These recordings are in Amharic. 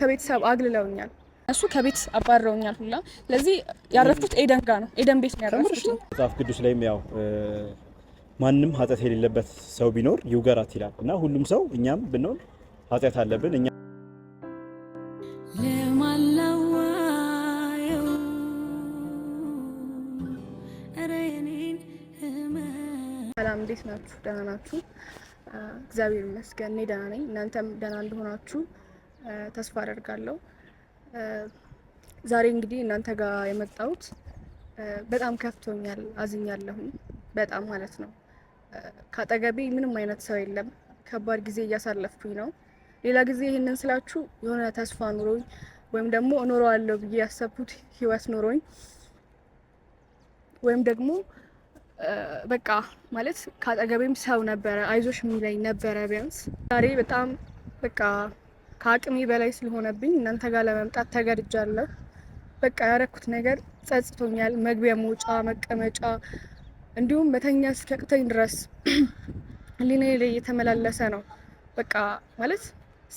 ከቤተሰብ አግልለውኛል። እሱ ከቤት አባረውኛል ሁላ። ስለዚህ ያረፍኩት ኤደን ጋ ነው። ኤደን ቤት ነው ያረፍኩት። መጽሐፍ ቅዱስ ላይም ያው ማንም ኃጢአት የሌለበት ሰው ቢኖር ይውገራት ይላል እና ሁሉም ሰው እኛም ብንሆን ኃጢአት አለብን እኛ ሰላም እንዴት ናችሁ? ደህና ናችሁ? እግዚአብሔር ይመስገን እኔ ደህና ነኝ። እናንተም ደህና እንደሆናችሁ ተስፋ አደርጋለሁ። ዛሬ እንግዲህ እናንተ ጋር የመጣሁት በጣም ከፍቶኛል፣ አዝኛለሁም በጣም ማለት ነው። ከአጠገቤ ምንም አይነት ሰው የለም። ከባድ ጊዜ እያሳለፍኩኝ ነው። ሌላ ጊዜ ይህንን ስላችሁ የሆነ ተስፋ ኑሮኝ ወይም ደግሞ እኖረዋለሁ ብዬ ያሰብኩት ህይወት ኑሮኝ ወይም ደግሞ በቃ ማለት ከአጠገቤም ሰው ነበረ አይዞሽ የሚለኝ ነበረ ቢያንስ ዛሬ በጣም በቃ ከአቅሜ በላይ ስለሆነብኝ እናንተ ጋር ለመምጣት ተገድጃለሁ። በቃ ያረኩት ነገር ጸጽቶኛል። መግቢያ፣ መውጫ፣ መቀመጫ እንዲሁም መተኛ እስኪያቅተኝ ድረስ ህሊና ላይ እየተመላለሰ ነው። በቃ ማለት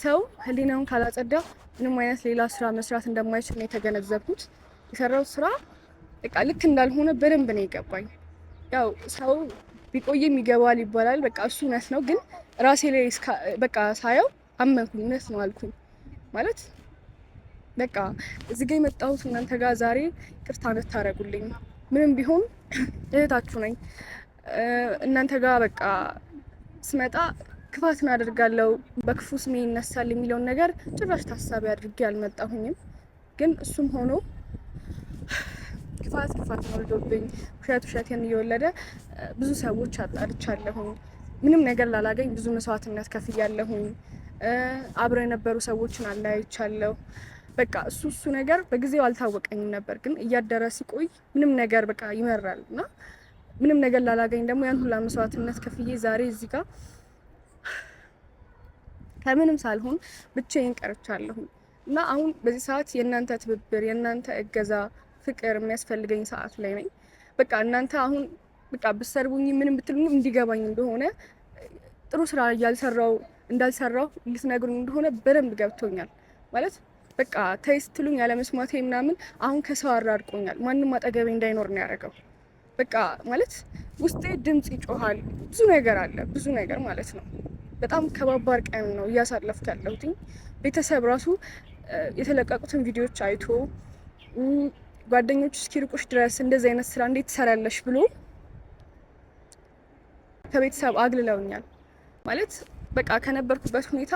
ሰው ህሊናውን ካላጸዳ ምንም አይነት ሌላ ስራ መስራት እንደማይችል ነው የተገነዘብኩት። የሰራው ስራ በቃ ልክ እንዳልሆነ በደንብ ነው የገባኝ። ያው ሰው ቢቆይም ይገባል ይባላል። በቃ እሱ እውነት ነው፣ ግን ራሴ ላይ በቃ ሳየው አመንኩኝ። እውነት ነው አልኩኝ ማለት በቃ እዚህ ጋር የመጣሁት እናንተ ጋር ዛሬ ቅርታ ታደርጉልኝ ምንም ቢሆን እህታችሁ ነኝ። እናንተ ጋር በቃ ስመጣ ክፋትን አደርጋለሁ በክፉ ስሜ ይነሳል የሚለውን ነገር ጭራሽ ታሳቢ አድርጌ አልመጣሁኝም። ግን እሱም ሆኖ ክፋት ክፋት ወልዶብኝ ውሸት ውሸቴን እየወለደ ብዙ ሰዎች አጣልቻለሁኝ። ምንም ነገር ላላገኝ ብዙ መስዋዕትነት ከፍያለሁኝ። አብረው የነበሩ ሰዎችን አለያይቻለሁ። በቃ እሱ እሱ ነገር በጊዜው አልታወቀኝም ነበር፣ ግን እያደረ ሲቆይ ምንም ነገር በቃ ይመራል እና ምንም ነገር ላላገኝ ደግሞ ያን ሁላ መስዋዕትነት ከፍዬ ዛሬ እዚህ ጋር ከምንም ሳልሆን ብቻዬን ቀርቻለሁ እና አሁን በዚህ ሰዓት የእናንተ ትብብር፣ የእናንተ እገዛ፣ ፍቅር የሚያስፈልገኝ ሰዓት ላይ ነኝ። በቃ እናንተ አሁን በቃ ብሰርቡኝ ምንም ብትሉኝ እንዲገባኝ እንደሆነ ጥሩ ስራ እያልሰራው እንዳልሰራው ልትነግሩኝ እንደሆነ በደንብ ገብቶኛል። ማለት በቃ ተይ ስትሉኝ ያለመስማቴ ምናምን አሁን ከሰው አራርቆኛል። ማንም አጠገቤ እንዳይኖር ነው ያደረገው። በቃ ማለት ውስጤ ድምፅ ይጮሃል። ብዙ ነገር አለ፣ ብዙ ነገር ማለት ነው። በጣም ከባባር ቀን ነው እያሳለፍኩ ያለሁት። ቤተሰብ ራሱ የተለቀቁትን ቪዲዮዎች አይቶ ጓደኞች እስኪርቁሽ ድረስ እንደዚህ አይነት ስራ እንዴት ትሰራለሽ ብሎ ከቤተሰብ አግልለውኛል ማለት በቃ ከነበርኩበት ሁኔታ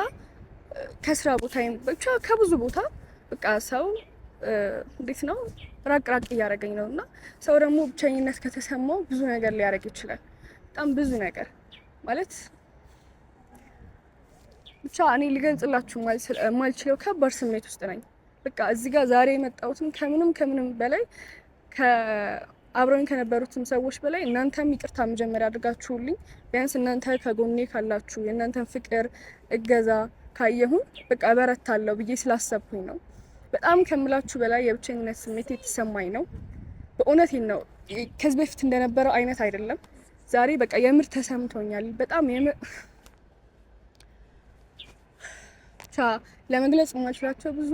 ከስራ ቦታዬም ብቻ ከብዙ ቦታ በቃ ሰው እንዴት ነው ራቅ ራቅ እያደረገኝ ነው። እና ሰው ደግሞ ብቸኝነት ከተሰማው ብዙ ነገር ሊያደርግ ይችላል። በጣም ብዙ ነገር ማለት ብቻ እኔ ሊገልጽላችሁ ማልችለው ከባድ ስሜት ውስጥ ነኝ። በቃ እዚህ ጋር ዛሬ የመጣሁትም ከምንም ከምንም በላይ አብረን ከነበሩትም ሰዎች በላይ እናንተም ይቅርታ መጀመሪያ አድርጋችሁልኝ ቢያንስ እናንተ ከጎኔ ካላችሁ የእናንተን ፍቅር እገዛ ካየሁን በቃ በረታለሁ ብዬ ስላሰብኩኝ ነው። በጣም ከምላችሁ በላይ የብቸኝነት ስሜት የተሰማኝ ነው። በእውነት ነው። ከዚህ በፊት እንደነበረው አይነት አይደለም። ዛሬ በቃ የምር ተሰምቶኛል። በጣም የምር ለመግለጽ የማልችላቸው ብዙ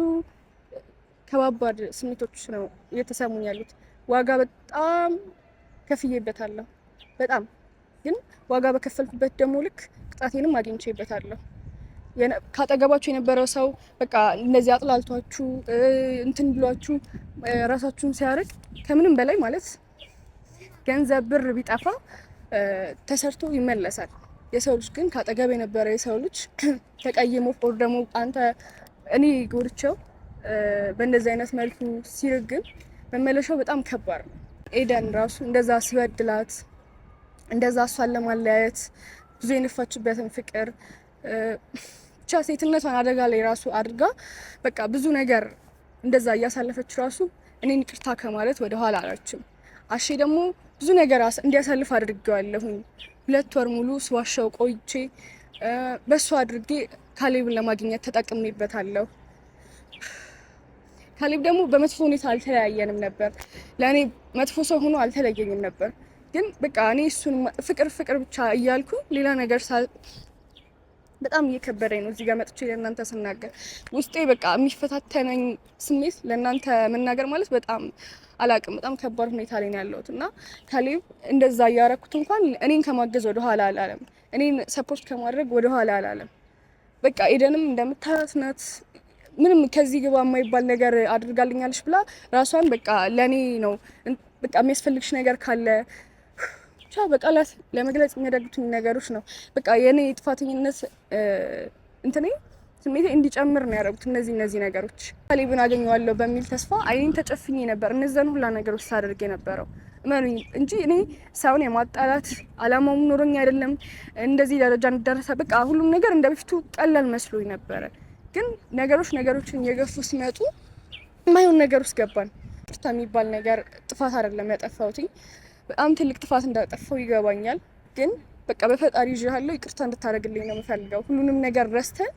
ከባባድ ስሜቶች ነው እየተሰሙኝ ያሉት። ዋጋ በጣም ከፍዬበታለሁ። በጣም ግን ዋጋ በከፈልኩበት ደግሞ ልክ ቅጣቴንም አግኝቼበታለሁ። ካጠገባችሁ የነበረው ሰው በቃ እንደዚህ አጥላልቷችሁ እንትን ብሏችሁ ራሳችሁን ሲያደርግ ከምንም በላይ ማለት ገንዘብ ብር ቢጠፋ ተሰርቶ ይመለሳል። የሰው ልጅ ግን ካጠገብ የነበረ የሰው ልጅ ተቀይሞ ፎር ደግሞ አንተ እኔ ጎድቸው በእንደዚህ አይነት መልኩ ሲርግን። መመለሻው በጣም ከባድ ነው። ኤደን ራሱ እንደዛ ሲበድላት እንደዛ እሷን ለማለያየት ብዙ የነፋችበትን ፍቅር ብቻ ሴትነቷን አደጋ ላይ ራሱ አድርጋ በቃ ብዙ ነገር እንደዛ እያሳለፈች ራሱ እኔን ይቅርታ ከማለት ወደኋላ አላችም። አሼ ደግሞ ብዙ ነገር እንዲያሳልፍ አድርጌዋለሁኝ። ሁለት ወር ሙሉ ስዋሻው ቆይቼ በእሱ አድርጌ ካሌብን ለማግኘት ተጠቅሜበታለሁ። ካሌብ ደግሞ በመጥፎ ሁኔታ አልተለያየንም ነበር። ለእኔ መጥፎ ሰው ሆኖ አልተለየኝም ነበር። ግን በቃ እኔ እሱን ፍቅር ፍቅር ብቻ እያልኩ ሌላ ነገር በጣም እየከበደኝ ነው። እዚህ ጋር መጥቼ ለእናንተ ስናገር ውስጤ በቃ የሚፈታተነኝ ስሜት ለእናንተ መናገር ማለት በጣም አላቅም። በጣም ከባድ ሁኔታ ላይ ነው ያለሁት እና ካሌብ እንደዛ እያረኩት እንኳን እኔን ከማገዝ ወደኋላ አላለም። እኔን ሰፖርት ከማድረግ ወደኋላ አላለም። በቃ ኤደንም እንደምታያት ናት። ምንም ከዚህ ግባ የማይባል ነገር አድርጋልኛለች ብላ ራሷን በቃ ለእኔ ነው በቃ የሚያስፈልግሽ ነገር ካለ ብቻ በቃላት ለመግለጽ የሚያደግቱኝ ነገሮች ነው። በቃ የእኔ የጥፋተኝነት እንትኔ ስሜቴ እንዲጨምር ነው ያደረጉት እነዚህ እነዚህ ነገሮች። ካሌብን አገኘዋለሁ በሚል ተስፋ አይኔን ተጨፍኜ ነበር እነዚያን ሁላ ነገሮች ሳደርግ የነበረው እመኑኝ እንጂ እኔ ሰውን የማጣላት አላማውም ኖሮኝ አይደለም። እንደዚህ ደረጃ እንደደረሰ በቃ ሁሉም ነገር እንደ በፊቱ ቀላል መስሎኝ ነበረ። ግን ነገሮች ነገሮችን እየገፉ ሲመጡ የማይሆን ነገር ውስጥ ገባን። ቅርታ የሚባል ነገር ጥፋት አይደለም ያጠፋሁትኝ በጣም ትልቅ ጥፋት እንዳጠፋው ይገባኛል። ግን በቃ በፈጣሪ ይዤሃለሁ ይቅርታ እንድታደርግልኝ ነው የምፈልገው። ሁሉንም ነገር ረስተን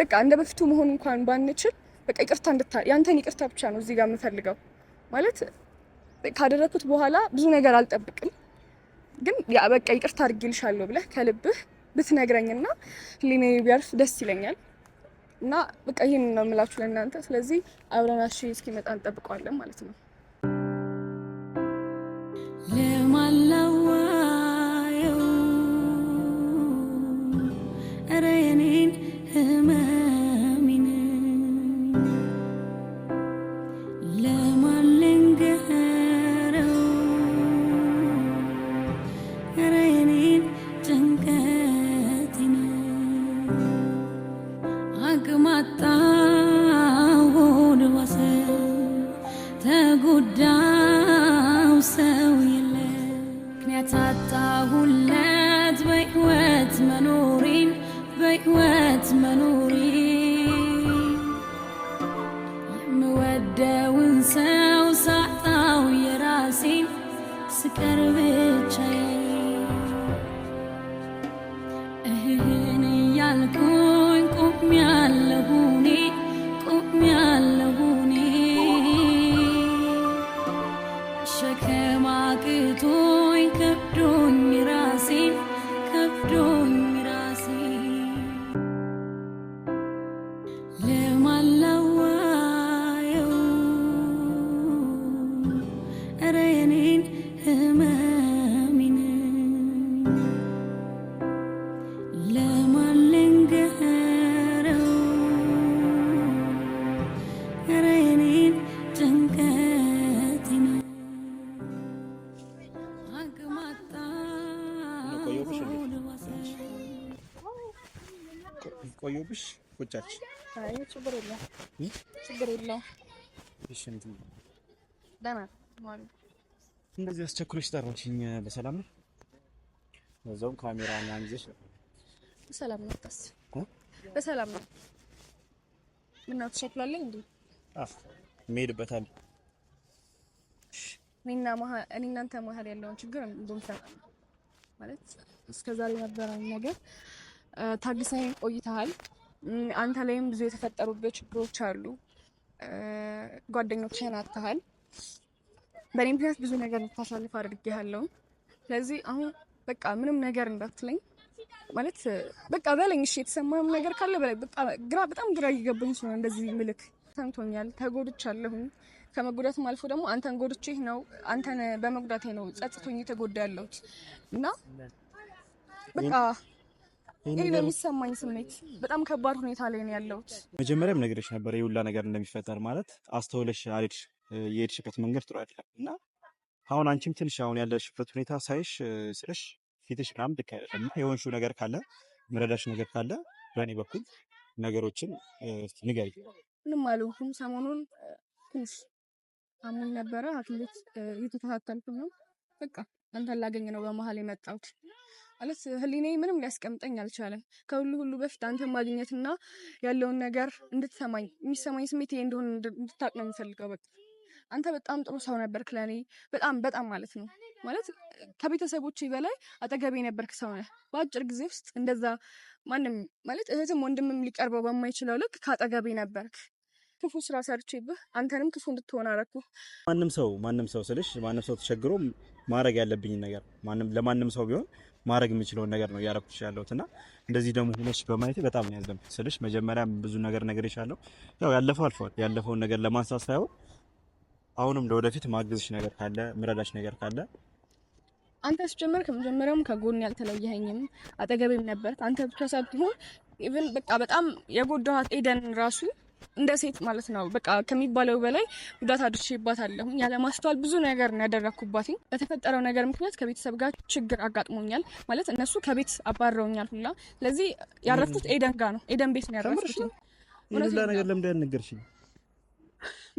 በቃ እንደ በፊቱ መሆን እንኳን ባንችል በቃ ይቅርታ እንድታ ያንተን ይቅርታ ብቻ ነው እዚህ ጋር የምፈልገው። ማለት ካደረግኩት በኋላ ብዙ ነገር አልጠብቅም፣ ግን በቃ ይቅርታ አድርጌልሻለሁ ብለህ ከልብህ ብትነግረኝና ህሊኔ ቢያርፍ ደስ ይለኛል። እና በቃ ይህን ነው የምላችሁ ለእናንተ። ስለዚህ አብረናሽ እስኪመጣ እንጠብቀዋለን ማለት ነው። ተጎዳው ሰው የለ ምክንያት አጣሁለት በሕይወት መኖሬን የምወደውን ሰው ሳጣው የራሴን ስቀርብ ከተመቻች ችግር የለም ችግር የለውም። እሺ እንትን ደህና እንደዚህ አስቸኩለሽ ጠራሽኝ በሰላም ነው? በዛውም ካሜራ ምናምን ይዘሽ በሰላም ነው? ታስ በሰላም ነው? ምነው ተሸክላለኝ እንዴ? አፍ መሄድበታል። እኔና እናንተ መሀል ያለውን ችግር እንደምታ ማለት እስከዛሬ የነበረውን ነገር ታግሰኝ ቆይተሃል። አንተ ላይም ብዙ የተፈጠሩበት ችግሮች አሉ። ጓደኞችህን አጥተሃል። በእኔ ምክንያት ብዙ ነገር እንድታሳልፍ አድርጌሃለሁ። ስለዚህ አሁን በቃ ምንም ነገር እንዳትለኝ ማለት በቃ በለኝ። እሺ የተሰማህም ነገር ካለ በላይ በቃ ግራ በጣም ግራ እየገባኝ ስለሆነ እንደዚህ ምልክ ሰምቶኛል። ተጎድቻለሁ። ከመጎዳትም አልፎ ደግሞ አንተን ጎድቼ ነው አንተን በመጉዳቴ ነው ጸጽቶኝ የተጎዳ ያለሁት እና በቃ ይሄ ነው የሚሰማኝ ስሜት። በጣም ከባድ ሁኔታ ላይ ነው ያለሁት። መጀመሪያም ነግሬሽ ነበር የሁላ ነገር እንደሚፈጠር ማለት አስተውለሽ አልሄድሽ የሄድሽበት መንገድ ጥሩ አይደለም እና አሁን አንቺም ትንሽ አሁን ያለሽበት ሁኔታ ሳይሽ ስለሽ ፊትሽ ምናምን ልክ አይደለም እና የሆንሽው ነገር ካለ ምረዳሽ ነገር ካለ በእኔ በኩል ነገሮችን ንገሪ። ምንም አልሆንኩም። ሰሞኑን ትንሽ አሞኝ ነበረ፣ ሐኪም ቤት እየተከታተልኩ ነው። በቃ አንተን ላገኝ ነው በመሀል የመጣሁት ማለት ህሊኔ ምንም ሊያስቀምጠኝ አልቻለም። ከሁሉ ሁሉ በፊት አንተ ማግኘትና ያለውን ነገር እንድትሰማኝ የሚሰማኝ ስሜት ይሄ እንደሆነ እንድታቅ ነው የምፈልገው። በቃ አንተ በጣም ጥሩ ሰው ነበርክ ለእኔ በጣም በጣም ማለት ነው ማለት ከቤተሰቦቼ በላይ አጠገቤ የነበርክ ሰው ነህ። በአጭር ጊዜ ውስጥ እንደዛ ማንም ማለት እህትም ወንድምም ሊቀርበው በማይችለው ልክ ከአጠገቤ ነበርክ። ክፉ ስራ ሰርቼብህ አንተንም ክፉ እንድትሆን አረኩ። ማንም ሰው ማንም ሰው ስልሽ ማንም ሰው ተቸግሮ ማድረግ ያለብኝ ነገር ለማንም ሰው ቢሆን ማድረግ የምችለውን ነገር ነው እያደረኩሽ ያለሁት እና እንደዚህ ደግሞ ሆነሽ በማየት በጣም ነው ያዘንኩት ስልሽ መጀመሪያም ብዙ ነገር ነግሬሻለሁ። ያው ያለፈው አልፏል። ያለፈውን ነገር ለማንሳት ሳይሆን አሁንም ለወደፊት ማግዝሽ ነገር ካለ ምረዳሽ ነገር ካለ አንተ ስጀምር ከመጀመሪያውም ከጎን ያልተለየኸኝም አጠገብም ነበር። አንተ ብቻ ሳትሆን ኢቭን በቃ በጣም የጎዳኋት ኤደን ራሱ እንደ ሴት ማለት ነው። በቃ ከሚባለው በላይ ጉዳት አድርሼባታለሁ። ያለማስተዋል ብዙ ነገር ነው ያደረግኩባትኝ። በተፈጠረው ነገር ምክንያት ከቤተሰብ ጋር ችግር አጋጥሞኛል ማለት እነሱ ከቤት አባረውኛል ሁላ። ስለዚህ ያረፍኩት ኤደን ጋር ነው። ኤደን ቤት ነው ያረፍኩት። ነገር ለምንድን ያልነገርሽኝ?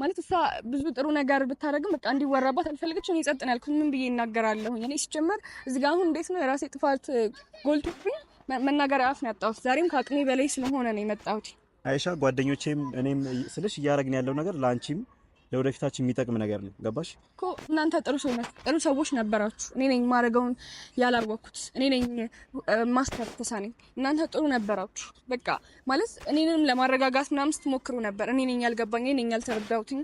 ማለት እሷ ብዙ ጥሩ ነገር ብታደረግም በቃ እንዲወራባት አልፈልግች። እኔ ያልኩት። ምን ብዬ ይናገራለሁ እኔ ሲጀመር እዚህ ጋር አሁን እንዴት ነው የራሴ ጥፋት ጎልቶብኝ መናገር አፍ ያጣሁት። ዛሬም ከአቅሜ በላይ ስለሆነ ነው የመጣሁት። አይሻ ጓደኞቼም እኔም ስልሽ እያደረግን ያለው ነገር ለአንቺም ለወደፊታችን የሚጠቅም ነገር ነው። ገባሽ እኮ እናንተ ጥሩ ሰው ጥሩ ሰዎች ነበራችሁ። እኔ ነኝ ማድረገውን ያላወቅኩት። እኔ ነኝ ማስተር ተሳነኝ። እናንተ ጥሩ ነበራችሁ። በቃ ማለት እኔንም ለማረጋጋት ምናምን ስትሞክሩ ነበር። እኔ ነኝ ያልገባኝ፣ እኔ ነኝ ያልተረዳሁትኝ።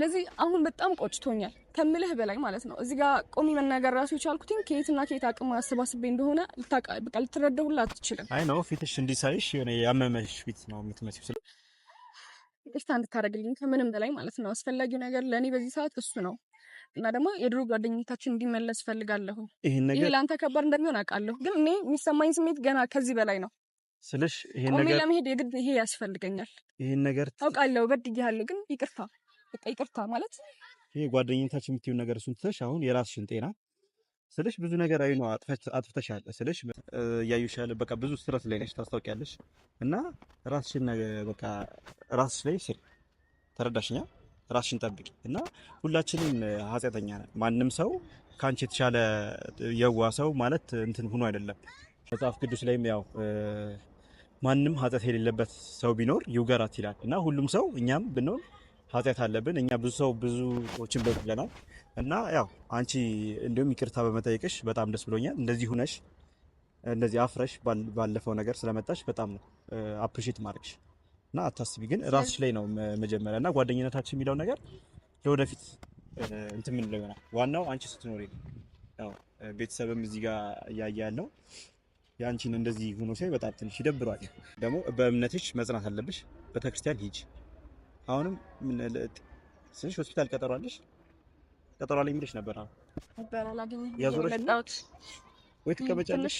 ለዚህ አሁን በጣም ቆጭቶኛል ከምልህ በላይ ማለት ነው። እዚህ ጋር ቆሚ መናገር ራሱ የቻልኩትኝ ከየትና ከየት አቅም አሰባስቤ እንደሆነ ልታቃ በቃ ልትረዳሁላ አትችልም። አይ ነው ፊትሽ እንዲሳይሽ የሆነ ያመመሽ ፊት ነው የምትመስለው ይቅርታ እንድታደርግልኝ ከምንም በላይ ማለት ነው። አስፈላጊው ነገር ለእኔ በዚህ ሰዓት እሱ ነው እና ደግሞ የድሮ ጓደኝነታችን እንዲመለስ ፈልጋለሁ። ይሄ ለአንተ ከባድ እንደሚሆን አውቃለሁ፣ ግን እኔ የሚሰማኝ ስሜት ገና ከዚህ በላይ ነው ስልሽ ቆሜ ለመሄድ የግድ ይሄ ያስፈልገኛል። ይሄን ነገር አውቃለሁ፣ በድያለሁ፣ ግን ይቅርታ በቃ ይቅርታ ማለት ይሄ ጓደኝነታችን የምትይው ነገር እሱን ትተሽ አሁን የራስሽን ጤና ስልሽ ብዙ ነገር አይ ነው አጥፍተሻል ስልሽ እያዩሻል። በቃ ብዙ ስትረስ ላይ ነሽ ታስታውቂያለሽ። እና ራስሽን በቃ ራስሽ ላይ ስሪ። ተረዳሽኛ? ራስሽን ጠብቂ። እና ሁላችንም ኃጢአተኛ ነን። ማንም ሰው ከአንቺ የተሻለ የዋ ሰው ማለት እንትን ሆኖ አይደለም። መጽሐፍ ቅዱስ ላይም ያው ማንም ኃጢአት የሌለበት ሰው ቢኖር ይውገራት ይላል። እና ሁሉም ሰው እኛም ብንሆን ኃጢአት አለብን። እኛ ብዙ ሰው ብዙዎችን በድለናል። እና ያው አንቺ እንዲሁም ይቅርታ በመጠየቅሽ በጣም ደስ ብሎኛል። እንደዚህ ሁነሽ እንደዚህ አፍረሽ ባለፈው ነገር ስለመጣሽ በጣም ነው አፕሪሼት ማድረግሽ እና አታስቢ፣ ግን ራስሽ ላይ ነው መጀመሪያ እና ጓደኝነታችን የሚለው ነገር ለወደፊት እንትን የምንለው ይሆናል። ዋናው አንቺ ስትኖሪ ነው። ቤተሰብም እዚህ ጋር እያየ ያለው የአንቺን እንደዚህ ሆኖ ሲሆን በጣም ትንሽ ይደብሯል። ደግሞ በእምነትሽ መጽናት አለብሽ። ቤተክርስቲያን ሂጅ። አሁንም ስንሽ ሆስፒታል ቀጠሯለሽ ቀጠሮ ላይ የሚልሽ ነበር። አዎ ነበር። አላገኘሁም። ያዞረሽ ወይ ትቀመጫለሽ?